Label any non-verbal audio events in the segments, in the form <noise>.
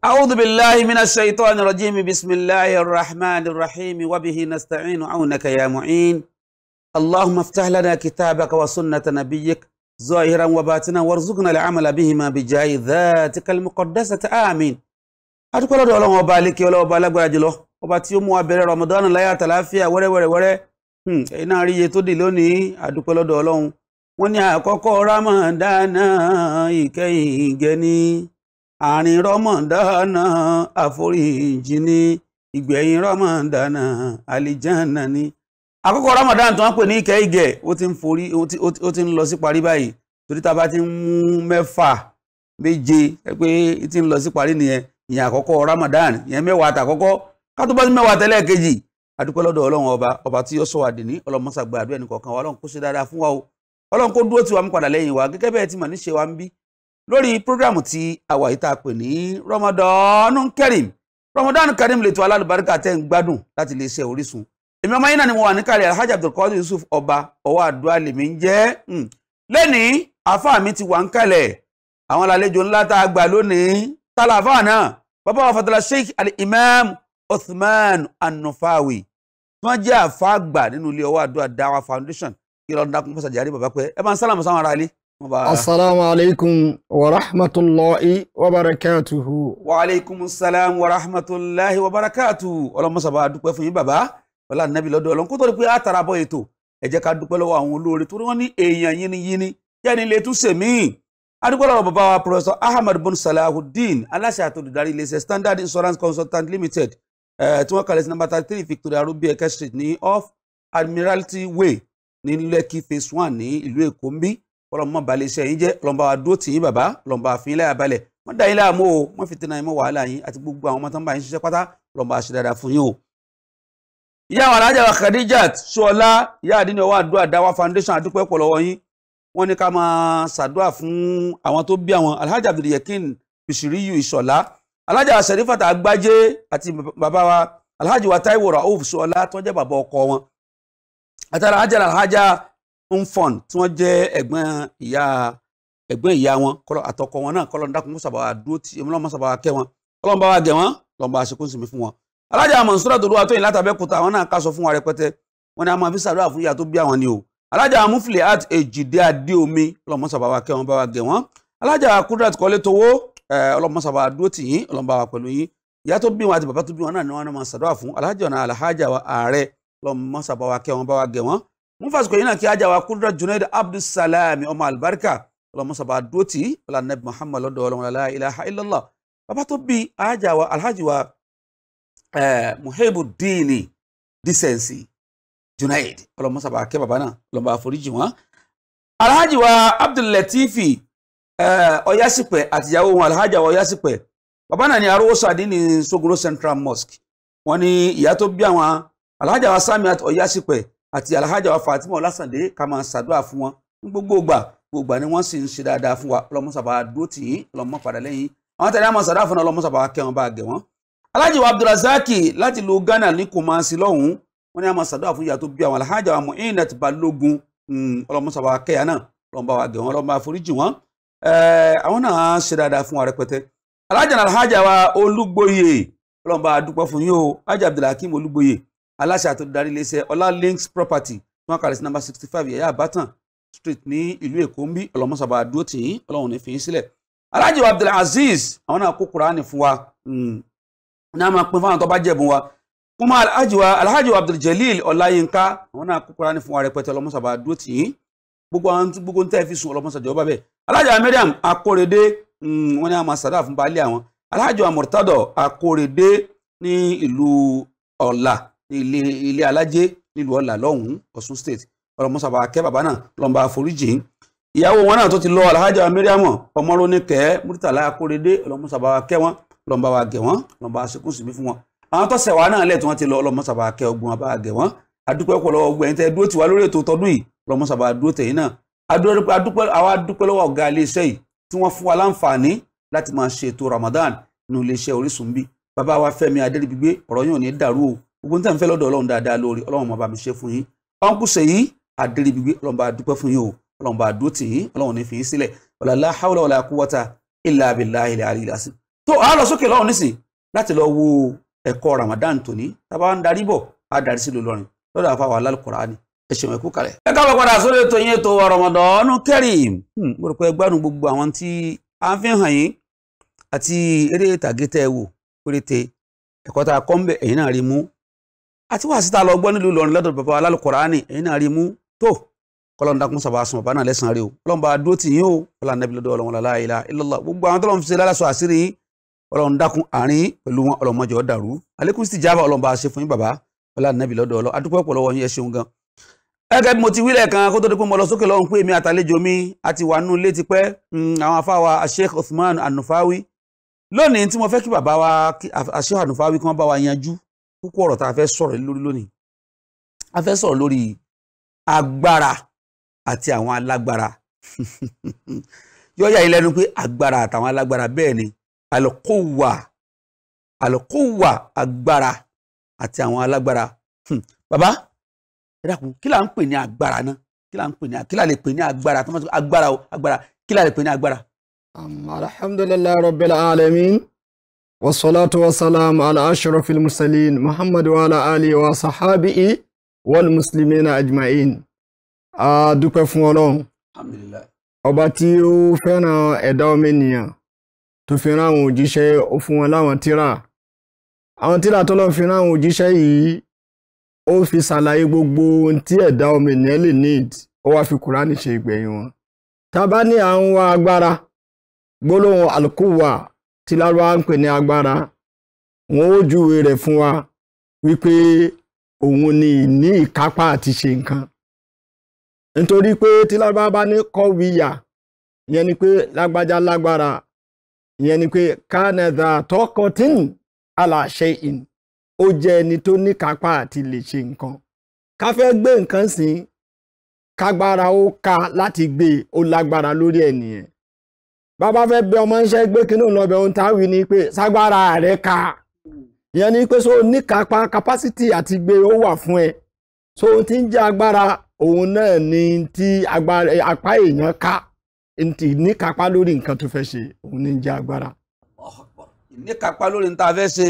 أعوذ بالله من الشيطان الرجيم بسم الله الرحمن الرحيم وبه نستعين عونك يا معين اللهم افتح لنا كتابك وسنة نبيك ظاهرا وباتنا وارزقنا العمل بهما بجاه ذاتك المقدسة آمين أتقول لك الله وبالك ولا وبالك ولا جلو وباتي يوم وابر رمضان لا يتلافيا وري وري وري iná rí iye tó dì lónìí àdúpẹ́ lọ́dọ̀ ọlọ́run wọ́n ní àkọ́kọ́ rámọ̀dánà àárín rọmọdánà àforíjì ní ìgbẹ̀yìn rọmọdánà àlìjánà ní. àkọ́kọ́ rọmọdánà tó wọ́n pè ní ìkẹ́ ìgẹ̀ ó ti ń forí ó ti ń lọ sí parí báyìí torí tá a bá ti ń mú mẹ́fà méje pé ti ń lọ sí parí nìyẹn ìyẹn àkọ́kọ́ ramadan ìyẹn mẹ́wàá àtàkọ́kọ́ kátó bá sí mẹ́wàá tẹ́lẹ̀ kejì adúpẹ́ lọ́dọ̀ ọlọ́run ọba ọba tí yóò sọ àdìní ọlọ́mọṣàgbà àdúrà ẹnì kọ̀ọ̀kan wa ọlọ́run kó ṣe dáadáa fún wa o ọlọ́run kó dúró tiwa mú padà lẹ́yìn wa gẹ́gẹ́ bẹ́ẹ̀ tí mà ní ṣe wa ń bí lórí prógrámù tí àwa yìí tá a pè ní Ramadan Kareem Ramadan Kareem lè tó alálùbáríkà tẹ́ ń gbádùn láti lè ṣe Orísun èmi ọmọ yín náà ni mo wà níkàlẹ̀ Alhaji Abdulkadir Yusuf ọba ọwọ́ àdúrà lèmi ń jẹ́ hmm. lẹ́nìí àfáà mi ti wà ń kalẹ̀ àwọn àlejò ńlá tá a gbà lónìí tálà àfáà náà bàbá wa fatala Sheikh al-Imam Uthman An-Nufawi tí àfáà gbà nínú ilé ọwọ́ àdúrà Dawa Foundation kí lọ́dún dákún fọ́sàjárí bàbá pé ẹ bá ń sálàmù sáwọn ará ilé asalaamu aleykum wa rahmatulahi wa barakatuhu. wa aleykum salaam wa rahmatulahi wa barakatuhu. ọlọmọsàbà dúpẹ́ fún yín bàbá ọlá nàbí lọ́dọ̀ ọlọ́run kó tó di pé àtàràbọ̀ ètò ẹ jẹ́ ká dúpẹ́ lọ́wọ́ àwọn olóore torí wọ́n ní èèyàn yínníyínní jẹ́ni lè tún ṣèmí. adúpẹ́ lọ́wọ́ bàbá wa professor ahmed bon salahudeen aláṣẹ àtòlùdarí iléeṣẹ́ standard insurance consultant limited tí wọ́n kalẹ̀ sí number thirty three victoria rubi eke street ní off admiralty way ní lekki phase one ní ìlú èkó ń bí ọlọ́mọ balẹ̀ iṣẹ́ yín jẹ́ ọlọ́mọ bá dúró tì yín bàbá ọlọ́mọ bá fi yín láyà balẹ̀ wọ́n dá yín láàmú o wọ́n fi tẹ̀nà yín mọ́ wàhálà yín àti gbogbo àwọn ọmọ tó ń bá yín ṣiṣẹ́ pátá ọlọ́mọ bá dáadáa fún yín o. ìyá àwọn alájà wa Khadijat ṣọlá ìyá àdínní ọwọ́ àdúrà dáwà foundation àdúpẹ́ pọ̀ lọ́wọ́ yín wọ́n ní ká máa ṣàdúrà fún àwọn tó bí àwọn alhaji abdul yakin bishiriyu ìṣọ̀lá alhaji wa alhaji wa taiwo rauf ṣọlá tó jẹ́ bàbá ọkọ wọn Mfon tí wọ́n jẹ́ ẹ̀gbọ́n ìyá ẹ̀gbọ́n ìyá wọn kọ́lọ́ àtọkọ wọn náà kọ́lọ́ dákun mọ́sàbà dúró tí ọmọlọ́mọ sàbà kẹ́ wọn ọlọ́mọba wa gẹ̀ wọ́n lọ́mọba àṣekún sinmi fún wọn. alájà mọ̀nsúrà tó lówà tó yìn látàbẹ́kúta àwọn náà kásọ fún wa rẹpẹtẹ wọn ni a máa fi sàdúrà fún ìyá tó bí àwọn ni o. alájà amúfilẹ̀ at èjìdé adé omi ọlọ́mọsàbà wa kẹ́ wọn bá wa gẹ̀ wọ́n. alájà kudrat kọ́lé towó ọlọ́mọsàbà dúró tì wọn mú fásitì yìí náà kí ajá wa kúndúrà Junaid Abdulsalami ọmọ alibarika ọlọmọsà bá dúró tì í ọlá nabi Muhammad lọ́dọ̀ ọlọmọ la ilaha illallah bàbá tó bí ajá wa alhaji wa muhebu diini disensi Junaid ọlọmọsà bá kẹ́ náà ọlọmọ àforíjì wọn alhaji wa Abdullatifi ọyásípẹ àtìyàwó wọn alhaji ọyásípẹ bàbá náà ni arúgbóso àdínní Sogoro Central Mosque wọn ni ìyá tó bí àwọn alhaji wa ọyásípẹ àti alhaja wa fatima ọlásàndé ká máa ṣàdúrà fún wọn ní gbogbo ìgbà gbogbo ni wọ́n sì ń ṣe dáadáa fún wa ọlọ́mọsàbà dúró tì yín ọlọ́mọ padà lẹ́yìn àwọn tẹ̀lé àmọ́ ṣàdúrà fún wọn ọlọ́mọsàbà kẹwọn bá gẹ̀ wọ́n. alhaji wa abdulrasaki láti lu ghana ní Kumasi lọ́hùn-ún wọ́n ní àmọ́ ṣàdúrà fún ìyá tó bí àwọn alhaja wa muinat balógun hmm, ọlọ́mọsàbà kẹyà náà lọ́mọba wa gẹ̀ wọ́n lọ́mọba foríjì wọ́n eh, àwọn náà ṣe dáadáa wa rẹpẹtẹ alhaja alhaja wa olúgbòye ọlọ́mọba aláṣẹ àti olùdarí iléeṣẹ́ ọlá links property tí wọ́n kàlẹ̀ sí number sixty five yẹ̀yà àbátan street ní ìlú èkó ń bí ọlọ́mọsàbà dúró tì í ọlọ́run ní fi í sílẹ̀ alhaji abdulaziz àwọn náà kó kuraani fún wa hmm. ní a máa pín fáwọn tó bá jẹ̀bùn wa kúmọ alhaji wa alhaji abduljalil ọláyínká àwọn náà kó kuraani fún wa rẹpẹtẹ ọlọ́mọsàbà dúró tì í gbogbo àwọn gbogbo ntẹ́ fi sùn ọlọ́mọsàbà jọba bẹ́ẹ̀ alhaji amiriam akórèdé hmm, wọn ni a máa sàdá fún baálé àwọn alhaji amurtado akórèdé ní ìlú ọ̀la ilé ilé alájẹ nílùú ọ̀là lọ́hùn-ún ọ̀ṣun state ọlọmọsà bàbá kẹ́ bàbá náà lọ́nba àforíjìn ìyàwó wọn náà tó ti lọ alhaja mariam ọmọlónìkẹ́ murtala akóredé ọlọmọsà bàbá kẹ́ wọn lọ́nba wa gẹ̀ wọ́n lọ́nba aṣekún síbí fún wọn àwọn tó ṣẹ̀wá náà lẹ̀ tí wọ́n ti lọ ọlọmọsà bàbá kẹ́ ọgbọ́n bàbá gẹ̀ wọ́n adúpẹ́ pọ̀ lọ́wọ́ gbẹ̀yìn tẹ́ dúró tiwa lórí ètò tọdún yìí ọlọmọsà bàbá dúró ramadan nínú iléeṣẹ́ Orísun bí bàbá wa Fẹ́mi Adéríbigbé ọ̀rọ̀ gbogbo níta ń fẹ́ lọ́dọ̀ ọlọ́run dáadáa lórí ọlọ́run máa bá mi ṣe fún yín ọ̀nkú ṣèyí adéríbigbé ọlọ́run bá dúpẹ́ fún yín o ọlọ́run bá dúró tì yín ọlọ́run ní fi yín sílẹ̀ ọ̀làlá haúlọ̀ ọ̀là kúwọ́ta ilà abilà ilà àríyá sí. tó a lọ sókè lọ́run nísìn láti lọ wo ẹ̀kọ́ Ramadan tòní tábà ń darí bọ̀ á darí sí lọ́rin lọ́dọ̀ àfàwà hmm, àwọn tí ẹ̀kọ́ tá a kọ́ ń bẹ̀ ẹ̀yin náà rí mú àti wàá síta lọ gbọ́ nílùú Ìlọrin lọ́dọ̀ bàbá alálùkọ̀rání èyí náà rí mú tó kọlọ́n dákun sábà sùn bàbá náà lẹ́sàn-án rí o ọlọ́run bá dúró tì yín o ọlọ́run nàbí lọ́dọ̀ ọlọ́run lálá ilá ilọ́lá gbogbo àwọn tọ́lọ́run fi ṣe lálàsọ àṣírí yín ọlọ́run dákun àárín pẹ̀lú wọn ọlọ́run mọ́jọ́ dàrú alẹ́kùn sì jábà ọlọ́run bá ṣe fún yín bàbá ọlọ́run nàbí lọ́dọ̀ ọlọ́ adúpẹ́ pọ̀ lọ́wọ́ yín ṣeun gan. gẹ́gẹ́ bí mo ti wílẹ̀ kan kó tó di pé mo lọ sókè lọ́run pé èmi àtàlejò mi àti wà nù létí pẹ́ hmm, àwọn afáwa Sheikh Uthman Anufawi lónìí tí mo fẹ́ kí bàbá wa Sheikh Anufawi kí wọ́n bá wa yanjú púpọ̀ ọ̀rọ̀ tá a fẹ́ sọ̀rọ̀ lórí lónìí a fẹ́ sọ̀rọ̀ lórí agbára àti àwọn alágbára <laughs> yọ́yà yìí lẹ́nu pé agbára àtàwọn alágbára bẹ́ẹ̀ ni alùkòwà alùkòwà agbára àti àwọn alágbára hmm, bàbá ẹ dákun kí là ń pè ní agbára náà kí là ń pè ní kí là lè pè ní agbára tó máa tó agbára o agbára kí là lè pè ní agbára. alhamdulilayi rabbil alamin. والصلاة والسلام على أشرف المرسلين محمد وعلى آله وصحابه والمسلمين أجمعين a dúpẹ́ fún Ọlọ́run ọba tí ó fẹ́ràn ẹ̀dá ọmọnìyàn tó fi rán àwọn òjíṣẹ́ ó fún wọn láwọn tírà àwọn tírà tó lọ́n fi rán àwọn òjíṣẹ́ yìí ó fi ṣàlàyé gbogbo ohun tí ẹ̀dá ọmọnìyàn lè need ó wá fi Kùránì ṣe ìgbẹ̀yìn wọn tá a bá ní à ń wá agbára gbólóhùn àlùkùwà tí lárúbáwá ń pè ní agbára wọn ó júwe rẹ̀ fún wa wípé òun ni ní ìkápá àti ṣe nǹkan nítorí pé tí lárúbáwá bá ní kọ́wìyà ìyẹn ni pé lágbájá lágbára ìyẹn ni pé kánẹ́dà tọkọtín aláṣẹ ìn ó jẹ ẹni tó ní kápá àti lè ṣe nǹkan ká gbé nǹkan kágbára ó láti gbé ó lágbára lórí bàbá fẹ́ bẹ ọmọ iṣẹ́ gbé kínú lọ́bẹ̀ ohun táwí ni pé ságbára rẹ̀ ka ìyẹn ni pé so níkapá capacity àti gbé ó wà fún ẹ so ohun tí ń jẹ́ agbára òun náà ni ti agbára apá èèyàn ká ti níkapá lórí nǹkan tó fẹ́ ṣe òun ni ń jẹ́ agbára. níkapá lórí nǹkan tá a fẹ́ ṣe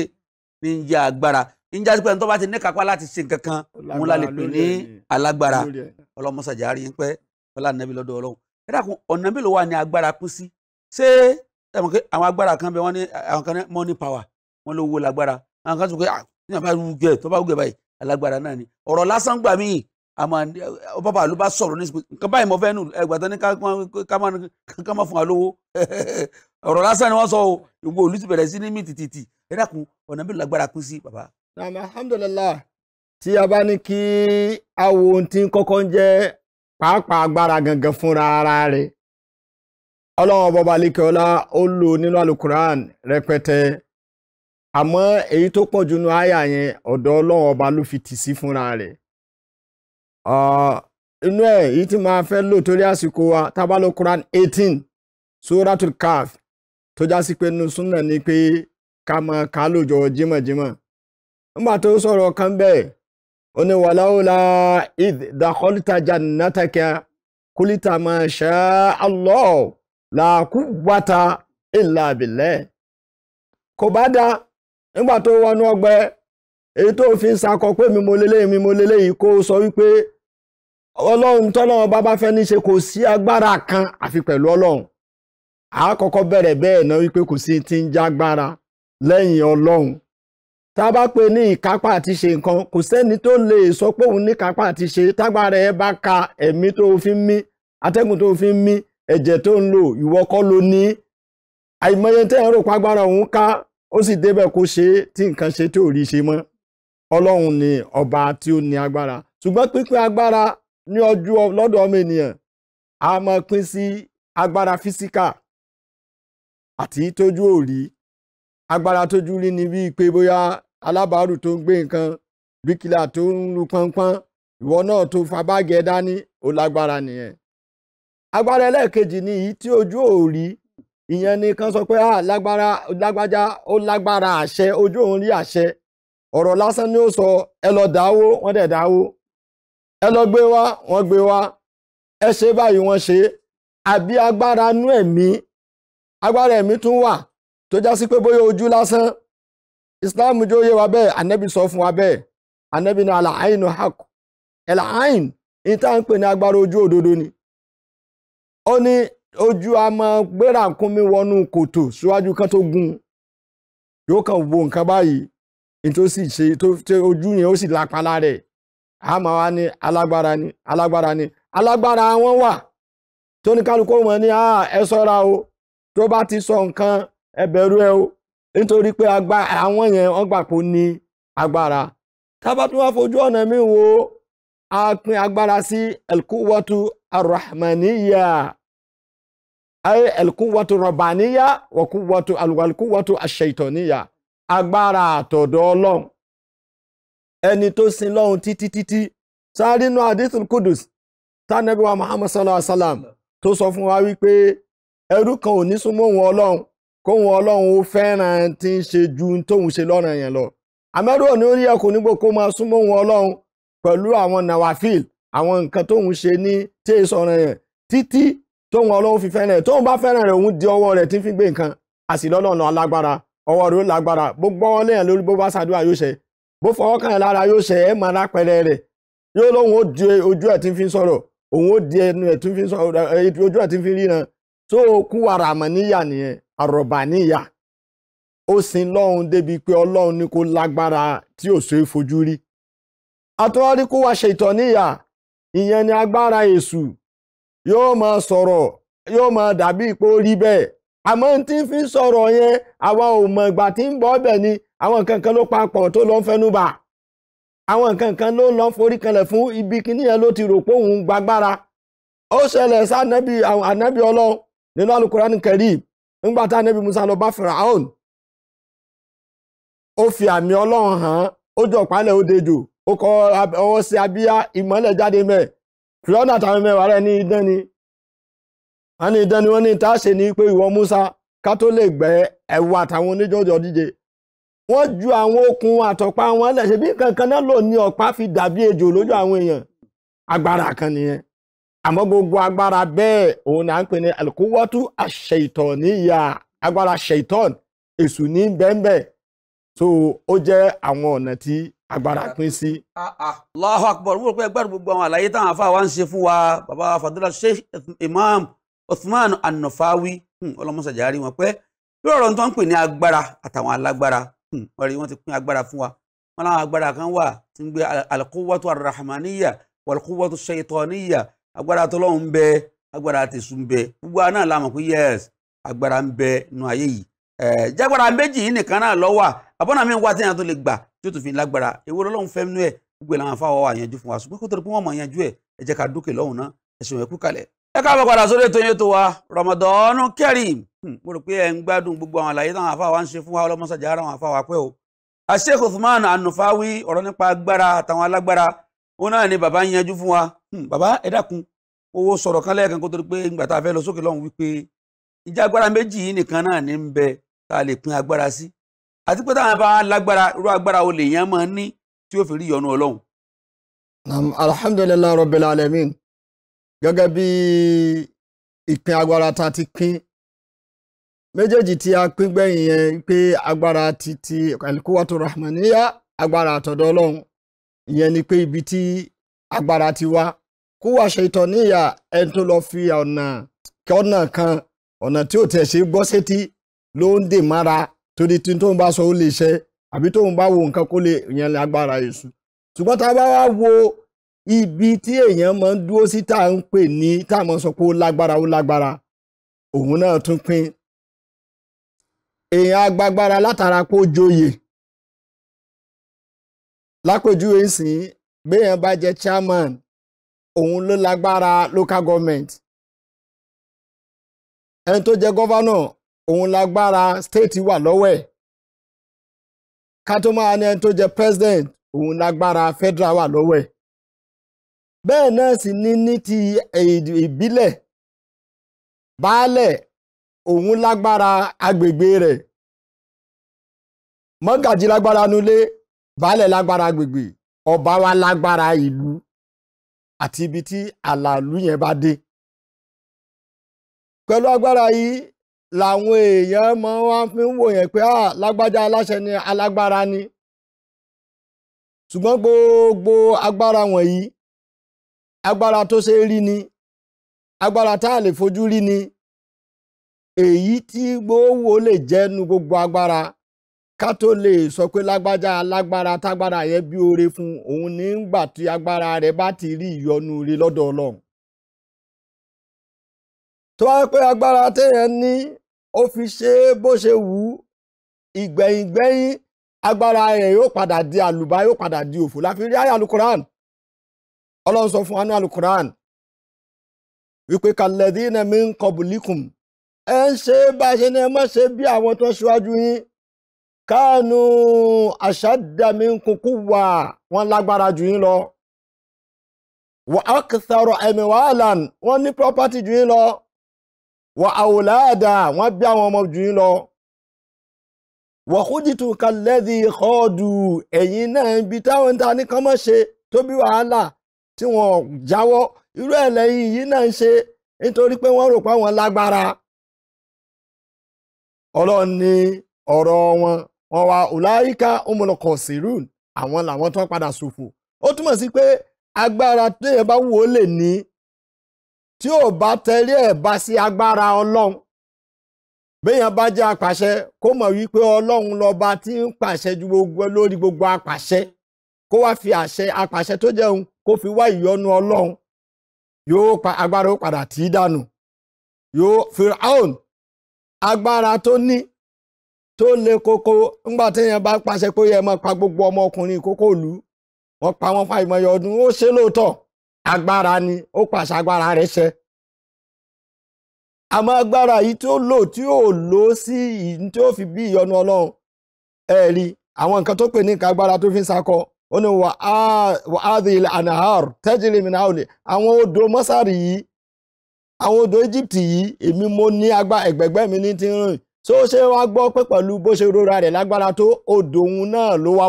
ni ń jẹ́ agbára ń jẹ́ pé ẹni tó bá ti níkapá láti ṣe nǹkan kan òun la lè pè ní alágbára ọlọ́mọṣàjà rí pẹ́ ọlá nàbí lọ́dọ̀ ọlọ́run ẹ dákun ọ̀nà mélòó wà ní agbára kú sí ṣé ẹ̀mọ̀ pé àwọn agbára kan bẹ wọ́n ní àwọn kan ní money power wọ́n lówó lágbára àwọn kan sọ pé ní àbá rúgẹ̀ tó bá rúgẹ̀ báyìí alágbára náà ni ọ̀rọ̀ lásán gbà míì àmọ́ bàbá ló bá sọ̀rọ̀ ní nǹkan báyìí mo fẹ́ nù ẹgbàtà ní ká má fún wa lówó <laughs> ọ̀rọ̀ lásán ni wọ́n sọ o ìwọ olú ti bẹ̀rẹ̀ sí ní mí tìtìtì ẹ dákun ọ̀nà bí lágbára kún sí bàbá. alhamdulillah tí a bá ní kí awo ohun kọ́kọ́ jẹ́ pàápàá agbára gangan fúnra ara rẹ̀ ọlọ́run ọba balẹ̀kẹ́ ọlá ó lò nínú alukuran rẹpẹtẹ àmọ́ èyí tó pọ̀ jù nínú àyà yẹn ọ̀dọ̀ ọlọ́run ọba ló fi tì sí fúnra rẹ̀ inú ẹ̀ èyí tí máa fẹ́ lò torí àsìkò wa tábàlò kuran tó já sí pé súnà ni pé ká máa lòjọ ma Allah. làákùwàtà ìlà àbìlẹ̀ kò bá dá nígbà tó wọnú ọgbẹ́ èyí tó fi ń sakọ pé mi mo lélẹ́yìn mi mo lélẹ́yìn kó sọ wípé ọlọ́run tọ́lọ́run bá bá fẹ́ ní ṣe kò sí agbára kan àfi pẹ̀lú ọlọ́run àkọ́kọ́ bẹ̀rẹ̀ bẹ́ẹ̀ náà wípé kò sí ti ń jágbára lẹ́yìn ọlọ́run tá a bá pè ní ìkápá àti ṣe nǹkan kò sẹ́ni tó lè sọ pé òun ní ìkápá àti ṣe tágbára ẹ bá ka ẹ̀mí tó fi ń mí atẹ́gùn tó fi ń mí ẹ̀jẹ̀ tó ń lò ìwọ kọ́ ló ní àìmọye tẹ́ ẹ̀rọ pàgbára òun ká ó sì débẹ̀ kó ṣe tí nǹkan ṣe tí ò rí ṣe mọ́ ọlọ́run ni ọba tí ó ní agbára ṣùgbọ́n pínpín agbára ní ọjọ́ lọ́dọ̀ ọmọ ènìyàn a máa pín sí agbára físíkà àti tójú ò agbára tójú rí ni bíi pé bóyá alábàárù tó ń gbé nǹkan bíkìlà tó ń lu pọ́npọ́n ìwọ náà tó fa báàgì ẹ dání ó lágbára nìyẹn agbára ẹlẹ́ẹ̀kejì ni èyí tí ojú ò rí ìyẹn ni kan sọ pé ah lágbára lágbájá ó lágbára àṣẹ ojú òun rí àṣẹ ọ̀rọ̀ lásán ni ó sọ ẹ lọ dáwó wọ́n dẹ̀ dáwó ẹ lọ gbé wá wọ́n gbé wá ẹ ṣe báyìí wọ́n ṣe àbí agbára nú ẹ̀mí agbára ẹ̀mí tún wà tó já sí pé bóyá ojú lásán Islam jó yé wa bẹ́ẹ̀ Ànábì sọ fún wa bẹ́ẹ̀ Ànábì ní àlàáyìn hàkù ẹ̀làáyìn ní ń pè ní agbára ojú òdodo ni ó ní ojú a máa gbéra kún mi wọnú kòtò síwájú kan tó gun yóò kàn wo nǹkan báyìí nítòsí ṣe tó ojú yẹn ó sì lápalá rẹ̀ a máa wá ní alágbára ni alágbára ni alágbára wọn wà tó ní kálukú wọn a ẹ ṣọ́ra o tó bá ti sọ nǹkan ẹ ẹ o nítorí pé àwọn yẹn wọ́n gbà pé ó ní agbára tá bá wá fojú ọ̀nà mi wò ó a pín agbára sí elkuwatu arahmaniya ayé elkuwatu rabaniya wakuwatu alwalkuwatu ashaitoniya agbára àtọ̀dọ̀ ọlọ́run ẹni tó sin lọ́run títí títí sáré inú adithul kudus tánàbí wa muhammad sallallahu alaihi wa sallam tó sọ fún wa wípé ẹrú kan ò ní súnmọ́ òun ọlọ́run kóun ọlọ́run ó fẹ́ràn tí ń ṣe ju tóun ṣe lọ́ràn yẹn lọ àmẹ́rù ò ní orí ẹkùn nígbò kó máa súnmọ́ òun ọlọ́run pẹ̀lú àwọn nawafil àwọn nǹkan tóun ṣe ní tí èso ọ̀ràn yẹn títí tóun ọlọ́run fi fẹ́ràn rẹ̀ tóun bá fẹ́ràn rẹ̀ òun di ọwọ́ rẹ̀ tí ń fi gbé nǹkan àsìlọ́lọ́nà alágbára ọwọ́ rẹ̀ ó lágbára bó gbọ́wọ́ lẹ́yìn lórí bó bá ṣàdúrà yóò ṣe bó fọwọ́ kàn lára yóò ṣe ẹ̀ máa lápẹẹrẹ rẹ̀ yóò lóun ó di ojú ẹ̀ tí ń fi sọ̀rọ̀ òun ó di ẹnu ẹ̀ ojú ẹ̀ tí ń fi ríran tó kú àràmọ̀ níyà nìyẹn àrọ̀bà níyà ó sin lọ́hun débi pé ọlọ́run ní kó lágbára tí ò ṣe é rí atọ́ríkú wa ṣètọ́níyà ìyẹn ni agbára èṣù yóò máa sọ̀rọ̀ yóò máa dàbí ipò rí bẹ́ẹ̀ àmọ́ tí ń fi sọ̀rọ̀ yẹn àwa ò mọ̀ ìgbà tí ń bọ̀ ọ́bẹ̀ ni àwọn nkankan ló papọ̀ tó lọ́ ń fẹnubà àwọn ló lọ́ forí kanlẹ̀ fún ibi kíní yẹn ló ti rò pé òun ó ṣẹlẹ̀ anabi musa lọ bá fi àmì ọlọ́run hàn ó jọ pálẹ̀ ó o kọ o sí abíyá ìmọ́lẹ̀ jáde mẹ́ẹ̀ fìlọ́nà àtàwọn mẹ́wàá rẹ̀ ní idán ni wọ́n ní idán ni wọ́n ní ìtaṣe ní pé ìwọ Musa ká tó lè gbẹ́ ẹ̀wù àtàwọn oníjọ́jọ́ díje wọ́n ju àwọn okùn àtọ̀pá wọn lẹ̀ ṣe bí kankan náà lò ní ọ̀pá fi dàbí ejò lójú àwọn èèyàn agbára kan nìyẹn àmọ́ gbogbo agbára bẹ́ẹ̀ òun náà ń pè ní alukówọ́tú àṣẹ ìtọ̀ níyà agbára ṣẹ̀tọ́n èṣù ní so ó jẹ́ àwọn ọ̀nà tí agbára pín sí. Ah, ah. Allahu Akbar wúrò pé ẹgbẹ́rún gbogbo àwọn àlàyé táwọn afáwa ń ṣe fún wa bàbá fàdúrà Sheikh Imam Uthman An-Nafawi hmm, ọlọmọsàjárí wọn pé yóò rọrùn tó ń pè ní agbára àtàwọn alágbára hmm, wọn rí wọn ti pín agbára fún wa wọn láwọn agbára kan wà tí ń gbé al-quwwatu ar-rahmaniyya wal-quwwatu ash-shaytaniyya agbára tọlọ́hun ń bẹ agbára tẹ̀sù ń bẹ gbogbo àná làmọ̀ pé yes agbára ń bẹ nu ayé yìí eh, jágbára méjì yìí nìkan náà ló wà àbọ̀nà mi wá téèyàn tó lè gbà tí ó tún fi lágbára èwo lọ́lọ́run fẹ́ nú ẹ̀ gbogbo ìlànà àfáwọ́ àyànjú fún wa ṣùgbọ́n kó tó pé wọ́n mọ̀ yanjú ẹ̀ ẹ jẹ́ ká dúkè lọ́hùn náà ẹ̀sùn ẹ̀kú kalẹ̀. ẹ káàbọ̀ padà sórí ètò yẹn tó wa Ramadan Kareem hmm, mo rò pé ẹ ń gbádùn gbogbo àwọn àlàyé táwọn àfáwà ń ṣe fún wa ọlọ́mọṣájà ara àwọn àfáwà pẹ́ o. Sheikh Uthman an ọ̀rọ̀ nípa agbára àtàwọn alágbára òun náà ni bàbá ń yanjú fún wa hmm, bàbá ẹ dákun owó sọ̀rọ̀ kan lẹ́ẹ̀kan kó tó di pé ìgbà tá a fẹ́ lọ sókè lọ́hùn wípé ìjà agbára méjì yìí nìkan náà ní ń bẹ tá a lè pín agbára sí àti pé táwọn bá lágbára irú agbára olè yẹn máa ní tí ó fi rí ìyọ́nú Ọlọ́run. alhamdulilayi rabbil alamin gẹ́gẹ́ bí ìpín agbára ta ti pín méjèèjì tí a pín gbẹ̀yìn yẹn pé agbára ti ti alikuwatu ibi ti wá níyà ẹni tó lọ fi ọ̀nà kí ọ̀nà kan ọ̀nà tí ò tẹ̀ ṣe gbọ́ sétí ló ń torí tí tóun bá sọ ó lè ṣẹ àbí tóun bá wo nǹkan kó lè yẹn lágbára èṣù ṣùgbọ́n tá a bá wá wo ibi tí èèyàn máa ń dúró sí tá à ń pè ní tá a máa sọ pé ó lágbára ó lágbára òun náà tún pín èèyàn agbagbára látara pé joyè lápèjúwe ńsìn béèyàn bá jẹ chairman òun ló lágbára local government ẹni tó jẹ gọ́vánọ̀ òun lágbára state wà lọ́wọ́ ẹ̀ ká tó máa ní ẹni tó jẹ president òun lágbára federal wà lọ́wọ́ ẹ̀ bẹ́ẹ̀ náà sì ní ní ti ìbílẹ̀ baálẹ̀ òun lágbára agbègbè rẹ̀ mọ́gàjí lágbára nulé baálẹ̀ lágbára agbègbè ọba wa lágbára ìlú àti ibi tí àlàlú yẹn bá dé pẹ̀lú agbára yìí làwọn èèyàn mọ wá fi ń wò yẹn pé ah lágbájá aláṣẹ ni alágbára ni ṣùgbọ́n gbogbo agbára wọ̀nyí agbára tó ṣe rí ni agbára tá a lè fojú rí ni èyí tí gbówó lè jẹ́ nu gbogbo agbára ká tó lè sọ pé lágbájá alágbára tágbára yẹn bí oore fún òun nígbà tí agbára rẹ̀ bá ti rí ìyọnu rí lọ́dọ̀ tó wá pé agbára téèyàn ní ó fi ṣe é bó ṣe wù ú ìgbẹ̀yìngbẹ̀yìn agbára rẹ̀ yóò padà di àlùbá yóò padà di òfò láfi rí àyà alukoran ọlọ́run sọ fún wa alukoran wípé kàlẹ́dínà min qablikum ẹ ń ṣe bá a ṣe ní ẹ má ṣe bí àwọn tó ń ṣíwájú yín káànù ashadda minkum quwwa wọn lágbára jù yín lọ wa akthara amwalan wọn ní property jù yín lọ wà àwòláàdà wọ́n bí àwọn ọmọ jù yín lọ wọ̀kúdìtù kalẹ́dì kọ́ọ̀dù ẹ̀yìn náà ibi táwọn ta ní kán mọ́ ṣe tó bí wàhálà tí wọ́n jáwọ́ irú ẹ̀ lẹ́yìn yìí náà ń ṣe nítorí pé wọ́n rò pé àwọn lágbára ọlọ́run ní ọ̀rọ̀ wọn wọn wá ọ̀làyíká ọmọlọ́kọ̀ sírùn àwọn làwọn tó padà ṣòfò ó túmọ̀ sí pé agbára tó yẹ bá wò ó lè ní tí ò bá tẹ̀lé ẹ̀ bá sí agbára ọlọ́run béèyàn bá jẹ́ àpàṣẹ, kó mọ̀ wípé ọlọ́run lọ́ba tí ń pàṣẹ ju gbogbo lórí gbogbo àpàṣẹ, kó wá fi àṣẹ àpàṣẹ tó jẹun kó fi wá ìyọ́nú ọlọ́run yóò pa agbára ó padà tì í dànù yóò le koko ńgbà téèyàn bá pàṣẹ pé ó yẹ pa gbogbo ọmọkùnrin kókó pa ọdún ó ṣe agbára ni ó pàṣẹ agbára rẹ̀ ṣẹ àmọ́ agbára yìí tí ó lò tí ó lò sí ìyí tí ó fi bí ìyọnu Ọlọ́run ẹ rí àwọn nǹkan tó pè ní nǹkan agbára tó fi ń sakọ ó ní wà anahar tẹ́jìlì mi àwọn odò mọ́sàrì yìí àwọn odò Egypt yìí èmi mo ní agbá egbegbe mi ní ti ṣe wá gbọ́ pé pẹ̀lú rora rẹ̀ lágbára tó odò òun náà ló wá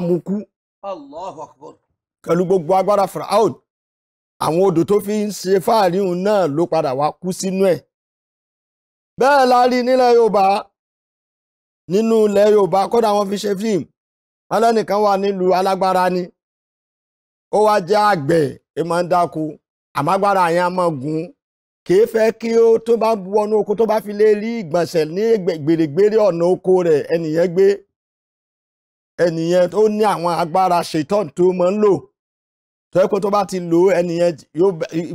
kú. àwọn odò tó fi ń ṣe fáàríhùn náà ló padà wá kú sínú ẹ̀ bẹ́ẹ̀ la rí nílẹ̀ Yorùbá nínú ilẹ̀ Yorùbá kódà wọ́n fi ṣe fíìmù alẹ́nìkan wà nílùú alágbára ni ó wá jẹ́ àgbẹ̀ ẹ máa ń dáko àmágbára yẹn á máa gun kìí fẹ́ kí ó tó bá wọnú oko tó bá fi lè rí ìgbọ̀nsẹ̀ ní gbèrègbèrè ọ̀nà oko rẹ̀ ẹnìyẹn gbé ẹnìyẹn tó ní àwọn agbára ṣetán tó máa ń lò tó yẹ tó bá ti lò ó ẹni yẹn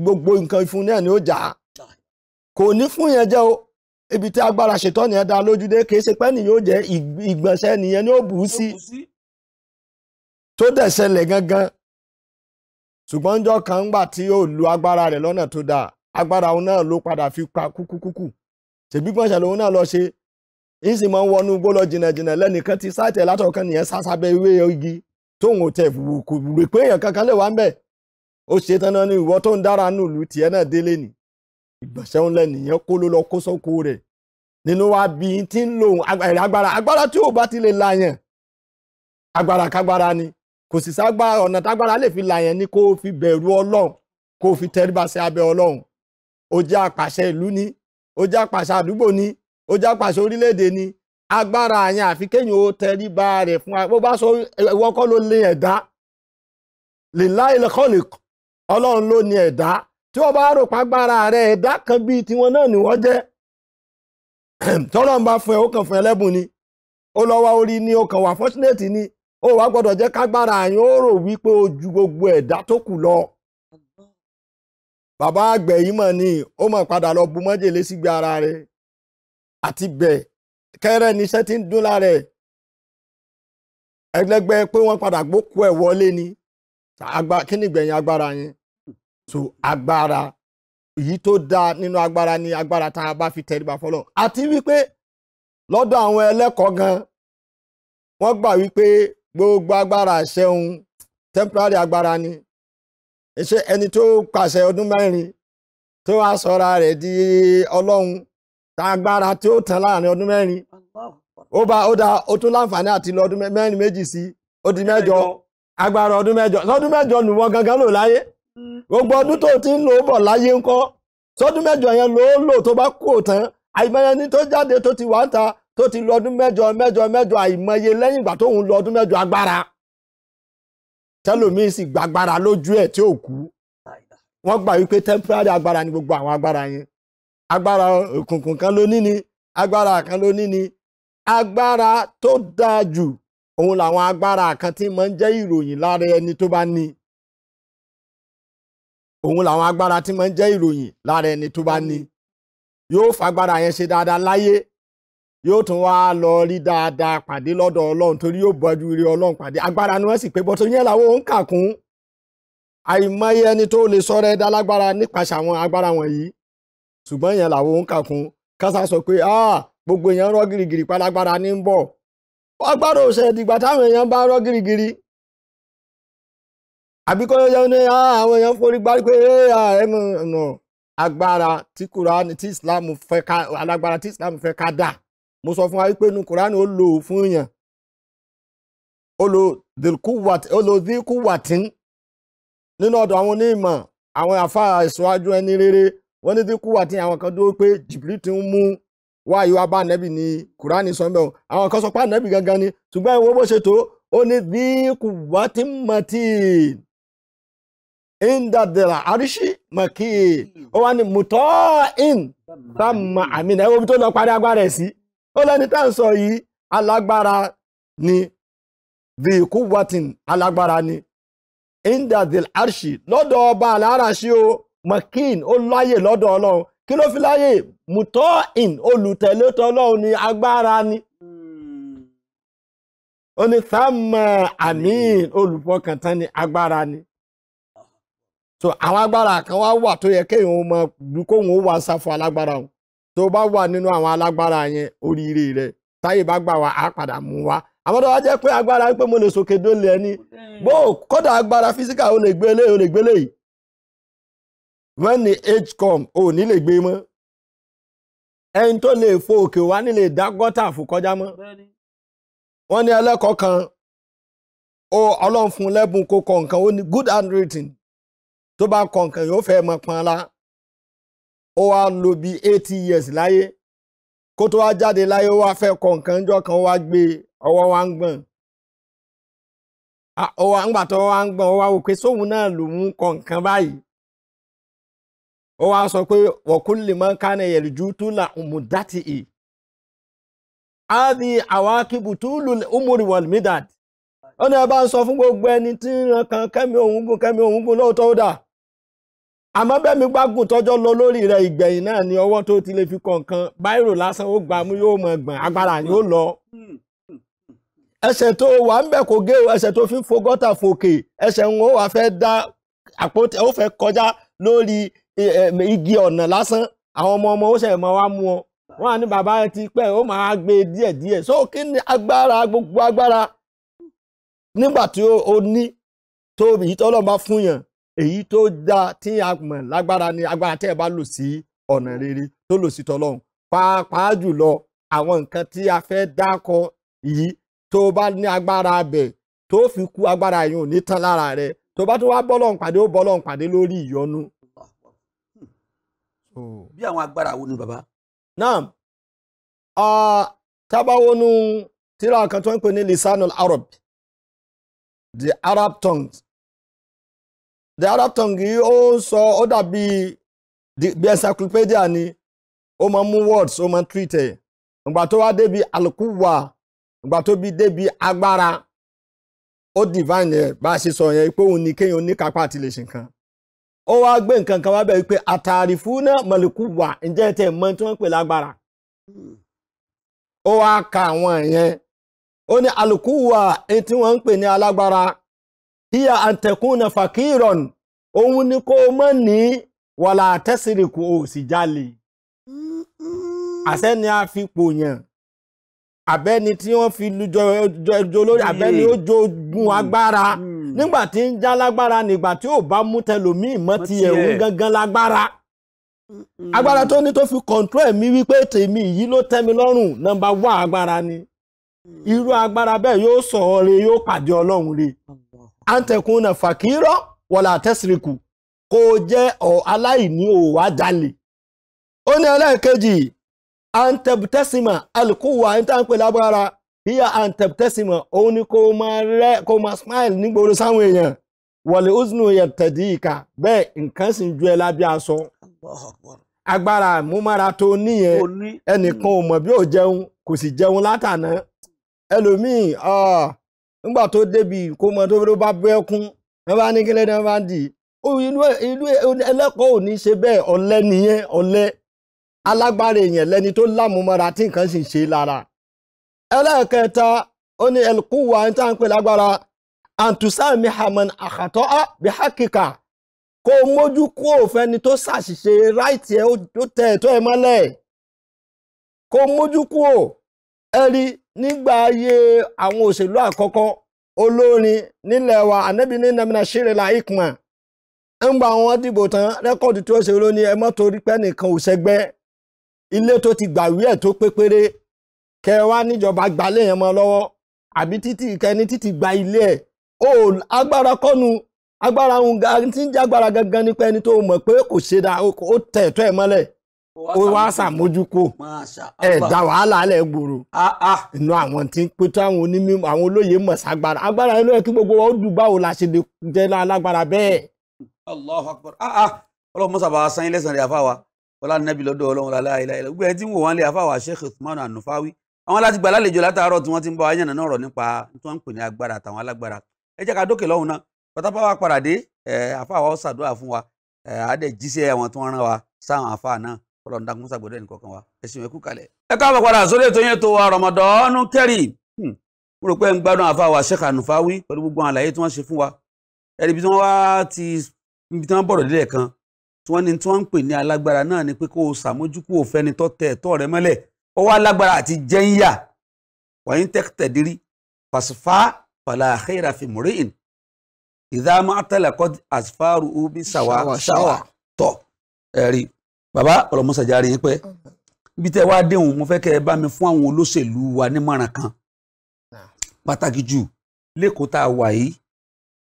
gbogbo nǹkan ìfun náà ni ó jà á kò ní fún yẹn jẹ́ o ibi tí agbára ṣètọ́ nìyẹn dá lójú dé kìí ṣe pé nìyẹn ó jẹ́ ìgbọ̀nsẹ̀ nìyẹn ni ó bù ú sí tó dẹ̀ ṣẹlẹ̀ gangan ṣùgbọ́n ńjọ́ kan ńgbà tí yóò lu agbára rẹ̀ lọ́nà tó dáa agbára òun náà ló padà fi pa kúkúkúkù ṣèbí gbọ̀nsẹ̀ lòun náà lọ ṣe ń sì mọ wọnú gbó lọ lẹ́nìkan ti sáàtẹ̀ látọ̀kan nìyẹn sásábẹ́ ewé igi tóun ò tẹ̀ kò rè pé èèyàn kankan lè wá ń bẹ̀ ó ṣe tán náà ni ìwọ tó ń dára nùlù tiẹ̀ náà délé ni ìgbọ̀nsẹ̀ ń lẹ̀ nìyẹn kó ló lọ kó sọ́kó rẹ̀ nínú wa bí i ti ń lo agbára agbára tí ò bá ti lè la yẹn agbára kágbára ni kò sì ságbá ọ̀nà tágbára lè fi la yẹn ni kó o fi bẹ̀rù ọlọ́run kó o fi tẹríba sí abẹ́ ọlọ́run ó jẹ́ àpàṣẹ ìlú ni ó jẹ́ àpàṣẹ àdúgbò ni ó jẹ́ àpàṣẹ orílẹ̀-èdè ni agbára àyàn àfi kéèyàn ó tẹrí bá rẹ fún wa bó bá sọ ìwọ kọ́ ló lé ẹ̀dá lillahi al-khaliq ló ní ẹ̀dá tí bá rò ẹ̀dá kan bíi tiwọn náà ni wọ́n jẹ <clears throat> tọ́lọ́ fún ẹ ó kàn fún ni ó ni ó kàn ni ó kágbára àyàn gbogbo tó kù lọ. bàbá yìí ni ó padà bu ara àti kẹrẹ níṣẹ́ ti ń dún lára ẹ̀ ẹgbẹgbẹ pé wọ́n padà gbókù ẹ̀ wọlé ni kí ni ìgbẹ̀yìn agbára yẹn so agbára èyí tó dáa nínú agbára ni agbára tá a bá fi tẹríba fọlọ àti wípé lọ́dọ̀ àwọn ẹlẹ́kọ̀ọ́ gan wọ́n gbà wípé gbogbo agbára àṣẹun temporary agbára ni ṣé ẹni tó pàṣẹ ọdún mẹ́rin tó wá sọra rẹ̀ di ọlọ́run agbára tí ó tán láàrin ọdún mẹ́rin ó bá ó da ó tún láǹfààní àti lọ ọdún mẹ́rin méjì sí ó di mẹ́jọ agbára ọdún mẹ́jọ sọdún mẹ́jọ nù wọn gangan lò láyé hmm. gbogbo ọdún tó ti ń lò ó bọ̀ láyé ńkọ́ sọdún mẹ́jọ yẹn ló lò tó bá kú ta tó ti lọ ọdún mẹ́jọ mẹ́jọ mẹ́jọ àìmọye lẹ́yìn ìgbà tóun lọ ọdún mẹ́jọ agbára sì gbàgbára lójú tí ò kú gbà wípé agbára òkùnkùn kan ló ní ni agbára kan ló ní ni agbára tó dáa jù òun làwọn agbára kan tí máa ń jẹ́ ìròyìn lára ẹni tó bá ní òun làwọn agbára tí máa ń jẹ́ ìròyìn lára ẹni tó bá ní yóò fagbára yẹn ṣe dáadáa láyé yóò tún wá lọ rí dáadáa pàdé lọ́dọ̀ ọlọ́run torí yóò bọ́jú rí ọlọ́run pàdé agbára ni wọ́n sì pé bọ́tò yẹn làwọn ò kà kún àìmọye ẹni tó lè sọ̀rọ̀ ẹ̀dá lágbára nípasẹ̀ àwọn agbára wọ̀nyí ṣùgbọ́n yẹn làwọn ń kà kún kásá sọ pé gbogbo èèyàn rọ́ girigiri pálágbára ní ń bọ̀ wọ́n gbọ́dọ̀ ṣe ìdìgbà táwọn èèyàn bá rọ́ girigiri àbí kọ́ yẹn ní àwọn èèyàn forí gbárí pé ẹnu ọ̀nà agbára tí kùránì tí Islam fẹ́ ká alágbára tí Islam fẹ́ ká dà mo sọ fún wa wípé inú kùránì ó lò fún yàn ó lò nínú ọ̀dọ̀ àwọn onímọ̀ àwọn àfa ìṣíwájú ẹni rere wọ́n ní dínkù wà tí àwọn kan dúró pé Jibril ti ń mú wáyé wá bá ànábì ní kúránì sọmbẹ o àwọn kan sọ pé ànábì gangan ni ṣùgbọ́n ìwọ bó ṣe tó ó ní dínkù wá tí mọ̀tì indadela àríṣì mọ̀kì ó wá ní mùtọ́ in tá mà àmì náà ewu tó lọ parí agbára ẹ̀ sí ó lẹ́ni tá à ń sọ yìí alágbára ni dínkù wá tí alágbára ni indadela àríṣì lọ́dọ̀ ọba àlàáràṣí o. makin ó láyè lọ́dọ̀ ọlọ́run kí ló fi láyè ni agbára ni ó ní sáàmà ni agbára ni so àwọn agbára kan wá wà tó yẹ kéèyàn mọ kóhun ó wà sáfọ alágbára òun tó bá wà nínú àwọn alágbára yẹn oríire rẹ táyé bá gbà wá á padà mú wá àwọn tó wá pé agbára pé mo lè sòkè ẹni bó kódà agbára when the age come ò ní lè gbé mọ́ ẹni lè fo òkè wá nílè dá gọ́tà fò mọ́ wọ́n ní ẹlẹ́kọ̀ọ́ kan o lẹ́bùn kó kọ ní good handwriting tó bá yóò fẹ́ mọ pọn la ó wá lò bí 80 years laye ko to wa jáde laye ó wá fẹ́ kọ nǹkan kan ó wá gbé ọwọ́ wá ń gbọ̀n ń gbọ̀n ó wá sọ pé wọ̀kúnlì máa ń ju túlà mùdátì ì. áàdì àwákìbù túlù umuri wàlmídàd. ó ní ẹ bá ń sọ fún gbogbo ẹni tí ń ran kan kẹ́mi òun gùn kẹ́mi òun gùn lóòótọ́ ó dà. àmọ́ lọ lórí rẹ̀ ìgbẹ̀yìn náà ni ọwọ́ tó ti kọ̀ọ̀kan lásán ó gbàmú yóò mọ̀ gbọ̀n agbára yóò lọ. ẹsẹ̀ tó wà ń kò gé o ẹsẹ̀ tó fi igi ọ̀nà lásán àwọn ọmọ ọmọ ó ṣẹ̀ mọ́ wá mú ọ wọn á ní bàbá ti pẹ́ ó máa gbé díẹ̀ díẹ̀ so kí ni agbára gbogbo agbára nígbà tí o ní tó èyí tó Ọlọ́run bá fún yàn èyí tó dáa tí a mọ̀ lágbára ni agbára tẹ́ ẹ bá lò sí ọ̀nà rere tó lò sí tọlọ́run pàápàá jùlọ àwọn nǹkan tí a fẹ́ dákọ yìí tó bá ní agbára bẹ̀ tó fi kú agbára yìí ò ní tán lára rẹ tó bá tó wá bọ́lọ́run pàdé ó bọ́lọ́run pàdé lórí ìyọnu Hmm. bí àwọn agbára wo ni bàbá. naam tábàwọnú tíra kan tó ń pè ní lisanul arab the arab tongues the arab tongue yìí ó ń sọ ó dàbí bí encyclopedia ni ó máa mú words ó máa treat ẹ̀ ìgbà tó wá débi alukuwa ìgbà tó bi débi agbára ó divine ẹ̀ bá a ṣe sọ yẹn pé òun ni kéèyàn oníkápá àti lè ṣe nǹkan ó wá gbé nǹkan kan wá bẹ̀ wípé àtàrí fún náà mọ̀lẹ́kù wà ǹjẹ́ tẹ̀ mọ tí wọ́n ń pè lágbára ó wá ka àwọn yẹn ó ní àlùkù wà tí wọ́n ń pè ní alágbára hiya àǹtẹ̀kùn náà fàkírọ̀n òun ni kó o mọ̀ ní wàlà àtẹ́sìrìkù ò sì jalè àṣẹ ni a fi pò yàn abẹ́ni tí wọ́n fi lu jọ lórí abẹ́ni ó jogun agbára. Mm. mm, mm, mm. nígbà tí ń já lágbára nígbà tí ò bá mú tẹlòmíì mọ́ ti ẹ̀hún gangan lágbára agbára tó ní tó fi kọ̀ǹtró ẹ̀mí wípé tèmi yìí ló tẹ́ mi lọ́rùn nọ́mbà wá agbára ni mm. irú agbára bẹ́ẹ̀ yóò sọ ọ́ re yóò pàdé ọlọ́run re àǹtẹ̀kùn náà fàkírọ́ wọ̀là àtẹ́sìrìkù kò jẹ́ ọ̀ aláìní òwà jalè ó ní ẹlẹ́ẹ̀kejì àǹtẹ̀bùtẹ́sìmà alùkùwà ẹni tá à ń lágbára hiya an tẹ̀tẹ̀sìmọ̀ òun ni kó ma smile nígboro sáwọn èèyàn wọ̀lẹ̀ uzunu yẹn tẹ̀dí ìka bẹ́ẹ̀ ju ẹ lábẹ́ aṣọ. agbára àmúmára tó níyẹn ẹnìkan ò mọ̀ bí ò jeun kò sì jẹun látàná ẹlòmíì nígbà tó débi kó mọ tó bá bẹ́ẹ̀kún ẹ bá lẹni lara. ẹlẹ́ẹ̀kẹta ó ní ẹlùkúwà ní táà ń pè antusami haman àkàtọ́ bí hákìkà kó mójú kú òfẹ́ni tó ṣàṣìṣe ráìtì ẹ̀ tó tẹ̀ ẹ̀tọ́ ẹ̀ mọ́lẹ̀ kó mójú kú ò ẹ̀rí nígbà ayé àwọn òṣèlú àkọ́kọ́ olórin nílẹ̀ wa ànábì ní nàmínà ṣírìlà ikman ń gba àwọn dìbò tán rẹ́kọ̀dù tí ó ṣe ti kẹ wá níjọba gbalẹ̀ yẹn mọ́ lọ́wọ́ àbí títí kẹni títí gba ilé ẹ̀ o agbára kọ́nu agbára ń ga tí ń jágbára gangan nípa ẹni tó mọ̀ pé kò ṣe dáa ó tẹ̀ ẹ̀tọ́ ẹ̀ mọ́lẹ̀ ó wá ṣàmójúkò ẹ̀ dá wàhálà alẹ́ gbòòrò ah, ah. inú àwọn tí ń pété àwọn onímọ̀ àwọn olóyè mọ̀ ságbára agbára ẹ̀ ló yẹ kí gbogbo wa ó dùn báwo la ṣe lè jẹ́ lágbára bẹ́ẹ̀. Ah, ọlọ́run mọ́sá bá san ilé sàn rẹ̀ àfáwà ọlá nàbí lọ́dọ̀ ọlọ́run lálẹ́ àìláìlá gbogbo ẹni tí ń wò lé àfáwà Sheikh Uthman Anufawi àwọn láti gbà lálejò látàárọ̀ tí wọ́n ti ń bá wa yànnà náà rọ̀ nípa tí wọ́n ń pè ní agbára àtàwọn alágbára ẹ jẹ́ ká dókè lọ́hùn náà pátápá wa padà dé àfáà wa ó ṣàdúrà fún wa àádẹ́ jíṣẹ́ àwọn tí wọ́n rán wa sáwọn àfáà náà kọlọ̀ ń dákún ẹnì kọ̀ọ̀kan wa ẹ sì wẹ́kú kalẹ̀. ẹ káàbọ̀ padà sórí ètò yẹn tó wa Ramadan Kareem hmm. mo rò pé ń gbádùn àfáà wa Sheikh Anufawi pẹ̀lú gbogbo àwọn àlàyé tí wọ́n ṣe fún wa ẹni bí wọ́n wá ni pé kó o ṣàmójúkú òfẹ́ni tọ́tẹ̀ ẹ̀tọ́ rẹ ó wá lágbára àti jẹ́ńyà wàyí tẹ́kítẹ̀dírí fàṣfà fàlà àkẹ́yìrà fi mùrìín ìdáàmú àtàlẹ́kọ́ àṣfàrù ubi ṣàwà ṣàwà tọ̀ ẹ̀rí bàbá ọlọmọsàjáre yín pẹ́ ibi tẹ́ wá déhùn mo fẹ́ kẹ́ ẹ bá mi fún àwọn olóṣèlú wa nímọ̀ràn kan pàtàkì jù lẹ́kọ̀ọ́ tá a wà yìí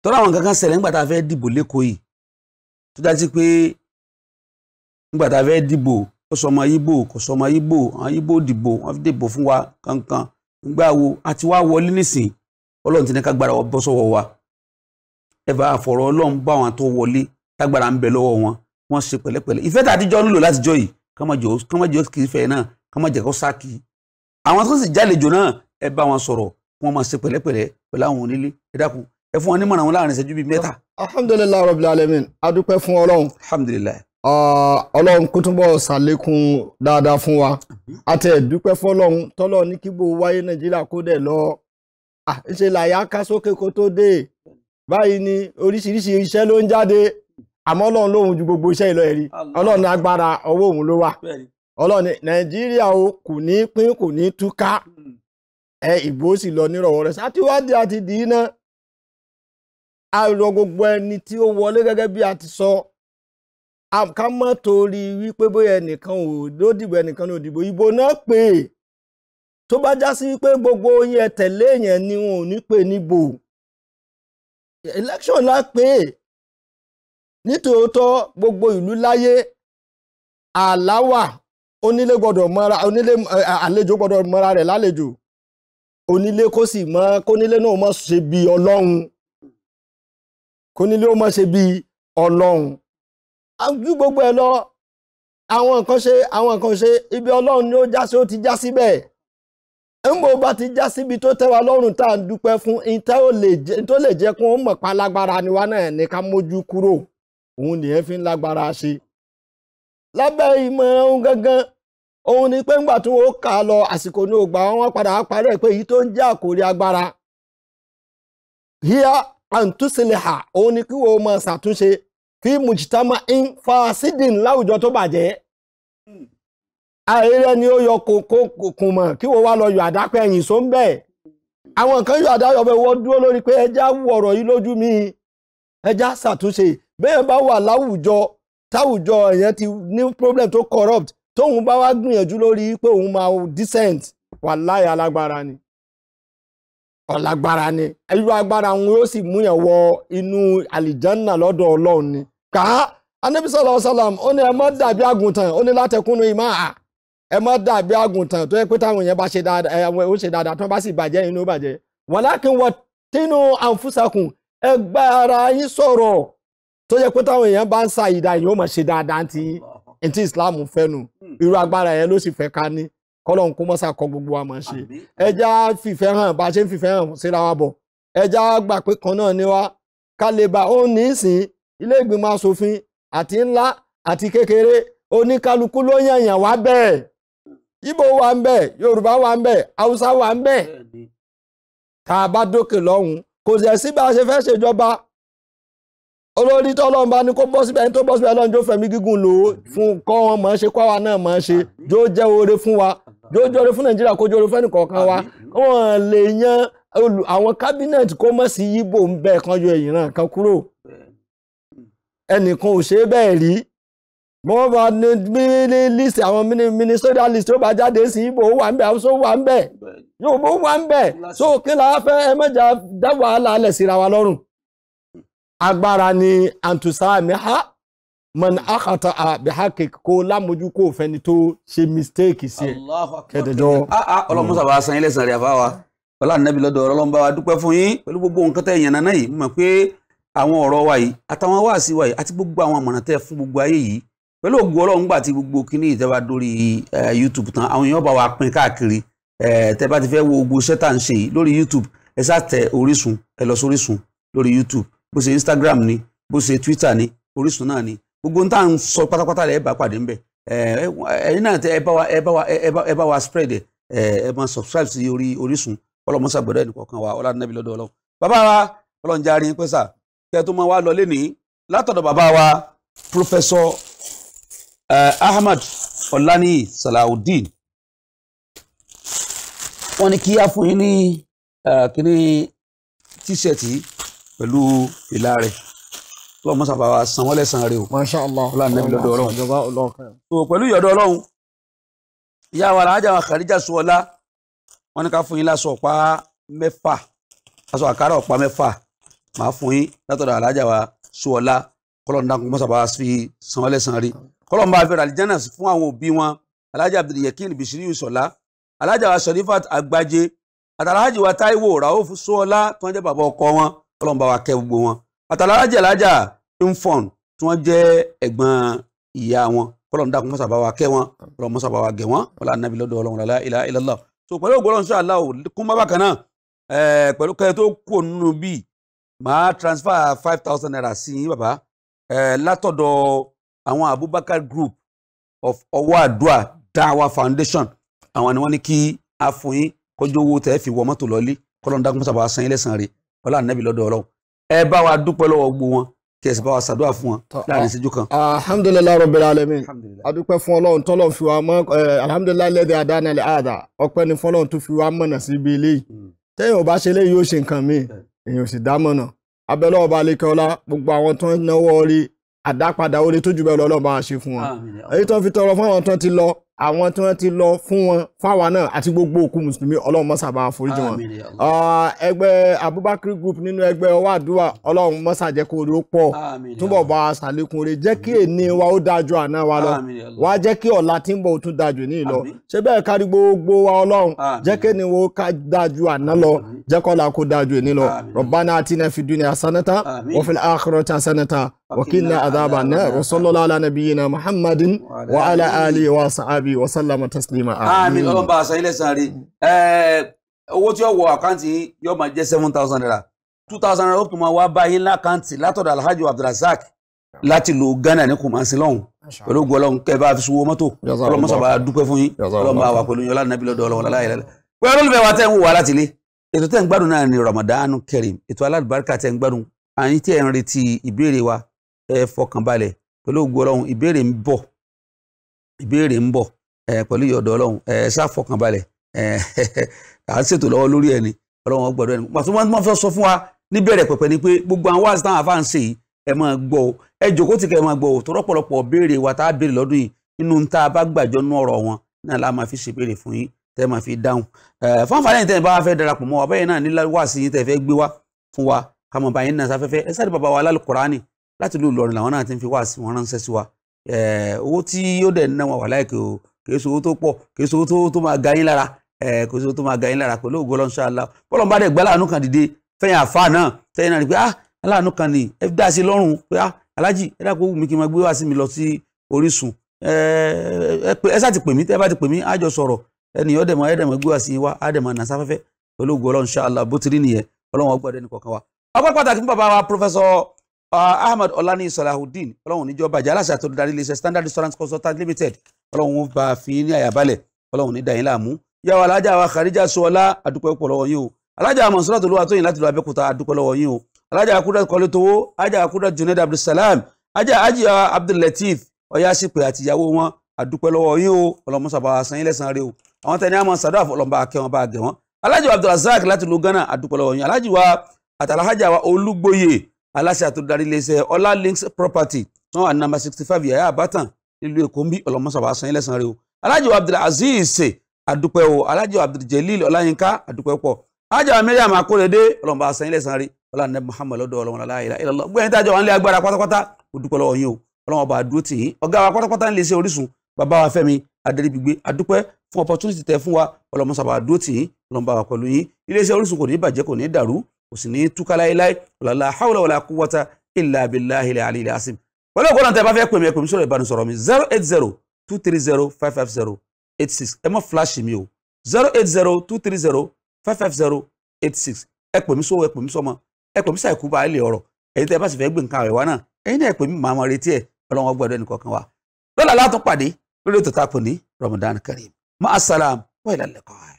tọ́lá àwọn kankan ṣẹlẹ̀ nígbà tá a fẹ́ dìbò lẹ́kọ̀ọ́ yìí tó dájú pé nígbà tá a fẹ́ dìbò ó sọmọ ibo kò sọmọ ibo àwọn ibo dìbò wọn fi dìbò fún wa kankan nígbà wo àti wá wọlé nísìn ọlọ́run ti ní ká gbára bọ́ sọ́wọ́ wa ẹ bá àfọ̀rọ̀ ọlọ́run bá àwọn tó wọlé tágbára ń bẹ lọ́wọ́ wọn wọ́n ṣe pẹ̀lẹ́pẹ̀lẹ́ ìfẹ́ tá àtijọ́ ń lò látijọ́ yìí kọ́mọ̀jọ́ kì í fẹ́ náà kọ́mọ̀jẹ́ kó sá kì í àwọn tó sì jálejò náà ẹ bá wọn sọ̀rọ̀ kí máa ṣe pẹ̀lẹ́pẹ̀lẹ́ pẹ̀lú àwọn onílé ẹ dákun ẹ fún wọn nímọ̀ràn wọn láàrin ìṣẹ́jú bíi mẹ́ta. alhamdulilayi rabil alamin adúpẹ́ fún ọlọ́run. alhamdulilayi. ọlọ́run kó túnbọ̀ ṣàlékún dáadáa fún wa àti ẹ̀dúpẹ́ fọlọ́run tọ́lọ́ ní kíbo wáyé nàìjíríà kó dẹ̀ lọ ṣe làyà ká sókè kó tó dé báyìí ni oríṣiríṣi iṣẹ́ ló ń jáde àmọ́ ọlọ́run ju wà nàìjíríà o kò ní pín kò ní túká hmm. ẹ ìbò sì lọ nírọ̀wọ́ àti dìínà gbogbo ẹni tí ó wọlé gẹ́gẹ́ bí a ti sọ ká mọ́ torí wípé bóyá ẹnìkan ò ló dìbò ẹnìkan ló dìbò ìbò náà pè é tó bá já sí wípé gbogbo yín ẹ tẹ̀lé yẹn ni wọn ò ní pè níbò election la pè é nítòótọ́ gbogbo ìlú láyé àláwà onílé gbọ́dọ̀ mọ́ra onílé àlejò gbọ́dọ̀ mọ́ra rẹ̀ lálejò onílé kó sì mọ́ kónílé náà mọ́ ṣe bí ọlọ́run kónílé ó mọ́ ṣe bí ọlọ́run. ju gbogbo e lo àwọn nǹkan se àwọn nǹkan se ibi ọlọ́run ni o já sí ó ti já síbẹ̀ ńgbò ba ti já síbi tó tẹ́ wa lọ́rùn fun à ń dúpẹ́ fún in tó lè jẹ́ kó ń mọ̀ pa lágbára ni wa náà ní ká mójú kúrò òun nìyẹn fi ń lágbára ṣe lábẹ́ ìmọ̀ràn ohun gangan òun ni pé ńgbà tí ka kà asiko lọ àsìkò ní ògbà wọn padà á parẹ́ pé èyí tó ń jẹ́ àkórí agbára híyá àǹtúsílẹ̀ hà òun ni ki wọ́n mọ̀ ṣàtúnṣe kí mùjítàmá ń fa sídìn láwùjọ tó bàjẹ́ àìrẹ́ hmm. ni ó yọ kòkòkùn mọ̀ kí wọ́n wá lọ yọ àdápẹ́ ẹ̀yìn só ń bẹ̀ àwọn kan yọ àdáyọ̀ bẹ́ẹ̀ wọ́n dúró lórí pé ẹja wọ yìí lójú mi ẹja ṣàtúnṣe bẹ́ẹ̀ bá wà láwùjọ táwùjọ ẹ̀yẹn ti ní problem tó corrupt tóun bá wá gbìyànjú lórí pé òun máa wà láyà ni. ọ̀làgbára ni irú agbára òun yóò sì mú yàn wọ inú àlìjánà lọ́dọ̀ ọlọ́run ni ká anabi sallallahu alaihi wasallam ó ní ẹ má dàbí àgùntàn ó ní látẹkùnú ìmọ̀ à ẹ má dàbí àgùntàn tó yẹ pé táwọn èèyàn bá ṣe dáadáa ẹ ó ṣe dáadáa tó bá sì bàjẹ́ inú bàjẹ́ walakin wattinu anfusakum ẹ gba ara yín sọ̀rọ̀ tó yẹ pé táwọn èèyàn bá ń sa ìdá yìí ó máa ṣe dáadáa ti ti Islam fẹ́ nu hmm. irú agbára yẹn ló sì fẹ́ ká ní kọ́lọ́hún kó mọ́sà kọ́ gbogbo wa máa ṣe ẹja fìfẹ́ hàn bá a ṣe ń fìfẹ́ hàn síra wa bọ̀ ẹja gbà pé kan náà ni wá ká lè bá òun nísìn ilé ìgbìmọ̀ asòfin àti ńlá àti kékeré oníkálukú ló yànyàn wá bẹ́ẹ̀ Ìgbò wà ń bẹ̀ Yorùbá wà ń bẹ̀ Haúsá wà ń bẹ̀ tá a bá dókè lọ́hùn kò sì sí bá a ṣe fẹ́ ṣèjọba olórí tọ́lọ́run bá ní kó bọ́ síbẹ̀ ní tó bọ́ síbẹ̀ lọ́njọ́ fẹ̀mí gígùn lò fún kọ́ wọn mọ̀ ṣe kọ́ wa náà mọ̀ ṣe jó jẹ́ oore fún wa jójóró fún nàìjíríà kó jóró fẹ́ni kọ̀ọ̀kan wa wọ́n lè yan àwọn kábínẹ̀tì kó mọ̀ sí yíbò ń bẹ́ẹ̀ kan yọ èyí kan kúrò ẹnìkan ò ṣe é bẹ́ẹ̀ rí wọ́n bá ní lísì àwọn ministerial list ó bá jáde sí ibò ó wà ń bẹ̀ àwùsọ wà ń bẹ̀ yóò wà ń so kí la fẹ́ hmm. ha. man akata a ah, bi hakik ko lamoju ko fẹni tó ṣe mistake sí ẹ kẹdẹjọ. Ah, ah, ọlọmọsà wa san ilé sàrẹ̀ àfa wa ọlá nàbí lọ́dọ̀ ọlọ́run bá wa dúpẹ́ fún yín pẹ̀lú gbogbo nǹkan tẹ́ ìyànnà náà yìí mọ̀ pé àwọn ọ̀rọ̀ wa yìí àtàwọn wáàsí wa yìí àti gbogbo àwọn àmọ̀ràn tẹ́ fún gbogbo ayé yìí pẹ̀lú ògùn ọlọ́run gbà tí gbogbo kíní ìtẹ́wà dórí YouTube tán àwọn èèyàn bá wa pín káàkiri tẹ́ bá ti fẹ́ wo ogun iṣẹ́ tá à YouTube ẹ sá tẹ Orísun ẹ lọ sórísun YouTube bó ṣe Instagram ni bó ṣe Twitter ni Orísun náà ni gbogbo n tá à ń sọ pátápátá rẹ̀ ẹ bá pàdé ńbẹ̀ eh, ẹ̀yin náà ẹ bá wa ẹ bá wa ẹ bá wa spread ẹ eh, ẹ máa subscribe sí orí Orísun ọlọmọsà gbọ́dọ̀ ẹnì kọ̀ọ̀kan wa ọlá nàbí lọ́dọ̀ Ọlọ́run bàbá wa Ọlọ́run jàre pé sà kẹ tó máa wá lọ lẹni látọ̀dọ̀ bàbá wa Professor eh, Ahmad Ọláníyì Salaudeen wọ́n ní kí á fún yín ní kíní tíṣẹ̀tì pẹ̀lú ìlà rẹ̀ ọlọ́run mọ́sàbà wa san wọ́n lẹ́sàn-án rẹ o. masha allah ọlọ́run nẹ́bí lọ́dọ̀ ọlọ́run. tó pẹ̀lú ìyọ̀dọ̀ ọlọ́run ìyá wa làájà wa kàríjà sọ̀ọ́lá wọn ní ká fún yín láṣọ ọ̀pá mẹ́fà láṣọ àkàrà ọ̀pá mẹ́fà máa fún yín látọ̀dọ̀ àlàájà wa sọ̀ọ́lá kọ́lọ́n dákun mọ́sàbà wa fi san wọ́n lẹ́sàn-án rẹ kọ́lọ́n bá fẹ́ràn àlìjánà fún àwọn òbí wọn alájà abdul yakin bishiri sọ̀lá alájà wa sharifat agbaje àtàlájì wa táíwò tó ń jẹ́ bàbá ọkọ wọn kọ́lọ́n bá wa kẹ́ gbogbo wọn àtàlájà alájà Mfon tí wọ́n jẹ́ ẹ̀gbọ́n ìyá wọn kọ́lọ́n dákun mọ́sàbá wa kẹ́ wọn kọ́lọ́n mọ́sàbá wa gẹ̀ wọn wọ́n lànà bílọ́dọ̀ ọlọ́run lálá ilá ilọ́lá so pẹ̀lú ògbọ́lọ́n sọ àlá ò kún bá bákan náà eh, pẹ̀lú kẹ́ tó kú ònú bíi màá transfer five thousand naira sí yín bàbá eh, látọ̀dọ̀ àwọn Abubakar Group of ọwọ́ àdúà Dawa Foundation àwọn ni wọ́n ní kí a fún yín kọjú owó tẹ́ fi wọ mọ́tò lọ́lé kọ́lọ́n dákun mọ́sàbá wa san yín lẹ́sàn-án rẹ̀ wọ́n lànà bílọ́dọ̀ ọlọ́run ẹ bá kí ẹ sì bá wa ṣàdúrà fún wọn láàrin ìṣẹ́jú kan. alhamdulilayi rabbil alamin adúpẹ́ fún ọlọ́run tọ́lọ́run fi wa mọ́ alhamdulilayi lẹ́dẹ̀ àdáná lè àdá ọpẹ́ ni fọlọ́run tó fi wa mọ̀nà sí ibi ilé yìí hmm. tẹ́yìn ò bá ṣe léyìí yóò ṣe nǹkan míì hmm. èyàn ò sì dá mọ̀nà abẹ́lẹ́ ọba alekẹ́ọ́lá gbogbo àwọn tó ń náwó orí àdápadà orí tó jù bẹ́ẹ̀ lọ́lọ́ bá wa ṣe fún wọn èyí tó fi tọrọ fún àwọn tó ti lọ àwọn tí wọ́n ti lọ fún wọn fáwọn náà àti gbogbo òkú mùsùlùmí ọlọ́run mọ́sà bá foríjì wọn ẹgbẹ́ Abubakar group nínú ẹgbẹ́ ọwọ́ àdúrà ọlọ́run mọ́sà jẹ́ kó orí ó pọ̀ túbọ̀ bá a ṣàlékún orí jẹ́ kí èní wa ó dájú àná wa lọ wá jẹ́ kí ọ̀la tí ń bọ̀ ó tún dájú ní ìlọ ṣé bẹ́ẹ̀ kárí gbogbo wa ọlọ́run jẹ́ kí èní wo ká dájú àná lọ jẹ́ kọ́la kó dájú èní lọ Rabbana atina fid dunya hasanatan wa fil akhirati hasanatan wa qina adhaban nar wa Muhammadin wa ala alihi wa alihi wa sallama taslima. àmín ọlọ́run bá a san ilé san rí owó tí yóò wọ àkáǹtì yóò máa jẹ́ seven thousand naira two thousand naira ó tún máa wá báyìí lákàǹtì látọ̀dọ̀ alhaji abdulrasaq láti lo ghana ní kùmásí lọ́hùn pẹ̀lú gbọ́lọ́hùn kẹ́ bá fi sunwó mọ́tò ọlọ́mọ sábà dúpẹ́ fún yín ọlọ́mọ àwà pẹ̀lú yín ọlọ́run nàbílẹ̀ ọlọ́run aláìlẹ̀ pé olólùfẹ́ wa tẹ́ ń wà láti ilé ètò tẹ́ ń gbádùn náà ni Ramadan Kareem ètò alálùbáríkà tẹ́ ń gbádùn àyín tí ẹ̀ ń retí ìbéèrè wa ẹ fọkànbalẹ̀ pẹ̀lú gbọ́lọ́hùn ìbéèrè ń bọ̀ ìbéèrè ń bọ̀ pẹ̀lú ìyọ̀dọ̀ ọlọ́run ṣàfọkànbalẹ̀ à ń ṣètò lọ́wọ́ lórí ẹni ọlọ́run gbọ́dọ̀ ẹni pàtó wọ́n fẹ́ sọ fún wa níbẹ̀rẹ̀ pẹ̀pẹ̀ ni pé gbogbo àwọn wáàsí táwọn afáàn ṣe yìí ẹ máa gbọ́ ọ ẹ jòkó tí kẹ́ ẹ máa gbọ́ ọ tọ́rọ́ pọ̀lọpọ̀ béèrè wa tá a béèrè lọ́dún yìí nínú tá a bá gbàjọ́ nú ọ̀rọ̀ wọn náà la máa fi ṣèbéèrè fún yín tẹ́ máa fi dáhùn fáfáyé tẹ́ ẹ bá fẹ́ darapọ̀ mọ́ abẹ́yẹ náà ní wáàsí yín tẹ́ fẹ́ gbé wá fún wa kàmọ́ báyìí náà sáfẹ́fẹ́ ẹ sáré bàbá wa lálùkùránì láti lù lọ́rin làwọn náà ti ń kìí ṣòwò tó pọ̀ kìí ṣòwò tó máa ga yín lára kò sí tó máa ga yín lára pẹ̀lú ògo Ọlọ́run ṣáàlá bọ́lọ̀n bá dẹ̀ gbá láàánú kan dìde fẹ́yìn àfa náà tẹ́yìn náà ni pé ah aláàánú kan ni ẹ fi dá sí lọ́rùn pé ah aláàjì ẹ dàpọ̀ wù mí kí n máa gbé wá sí mi lọ sí Orísun ẹ sá ti pè mí tẹ́ ẹ bá ti pè mí á jọ sọ̀rọ̀ ẹnì yọ dẹ̀mọ̀ ẹ dẹ̀mọ̀ gbé wá sí wa á dẹ̀mọ̀ nà sáfẹ́fẹ́ pẹ̀lú ògo Ọlọ́run ṣáàlá bó ti rí nìyẹn Ọlọ́run níjọba àjẹ́ aláṣà tó darí iléeṣẹ́ Standard Insurance Consultant Limited ọlọ́run bá a fi ní àyàbálẹ̀ ọlọ́run ní dàyín láàmú yàwó alájà wa Khadija Ṣọlá adúpẹ́ pọ̀ lọ́wọ́ yín o alájà Mọ̀nsúrà tó lówà tóyìn láti lọ Abẹ́òkúta adúpẹ́ lọ́wọ́ yín o alájà akúdà kọ́létowó alájà akúdà Junaid Abdulsalam alájà ajiya Abdulateef Ọ̀yásípẹ̀ àti ìyàwó wọn adúpẹ́ lọ́wọ́ yín o ọlọ́mọsàbà sanyín lẹ́sàn rẹ o àwọn tẹni àmọ́ sàdọ́ àfọlọ́mbà akẹ́ wọn bá gẹ̀ wọn wa àtàlájà wa Olúgbòye aláṣẹ àtòdarí iléeṣẹ́ Links Property tí wọ́n sixty five yàrá àbátan nílùú èkó ń bí ọlọmọsàbà sanyín lẹ́sàn rẹ̀ o alájọ abdulaziz adúpẹ́ o alájọ abduljelil ọláyínká adúpẹ́ pọ̀ alájọ miriam akórèdé ọlọmọba sanyín lẹ́sàn rẹ̀ ọlànà muhammed lọ́dọ̀ ọlọmọlá láyé ìlọlọ gbẹ̀yìn tájọ wọn lé agbára pátápátá odúpẹ́ lọ́wọ́ yín o ọlọmọba àdúró tì yín ọ̀gá wa pátápátá ń lè ṣe orísun bàbá wa fẹ́mi adẹ́rìbìgbé adúpẹ́ fún opportunity tẹ fún wa ọlọmọsàbà àdúró tì yín ọlọmọba wa pẹ̀lú yín iléeṣẹ́ orísun kò ní bàjẹ́ kò ní dàrú kò sì ní túká láéláé ọ̀làlá haúlà wàlà kúwàtà ìlà abiláhìlẹ̀ àlìlẹ̀ àsìm pẹ̀lú ògbọ́n tẹ́ bá fẹ́ pè mí ẹ pè mí sọ̀rọ̀ ìbánisọ̀rọ̀ mi zero eight zero two three zero five five zero eight six ẹ mọ̀ fíláṣì mi o zero eight zero two three zero five five zero eight six ẹ pè mí sówó ẹ pè mí sọmọ ẹ pè mí sàìkú bá ilé ọ̀rọ̀ ẹ̀yin tẹ́ bá sì fẹ́ gbé nǹkan àwẹ̀wá náà ẹ̀yin náà ẹ pè mí màmá retí ẹ ọlọ́wọ́n gbọ́dọ̀ ẹnì kọ̀ọ̀kan wa lọ́la látún pàdé lórí ètò tá a pè Ramadan Kareem Ma assalam wa ilal liqa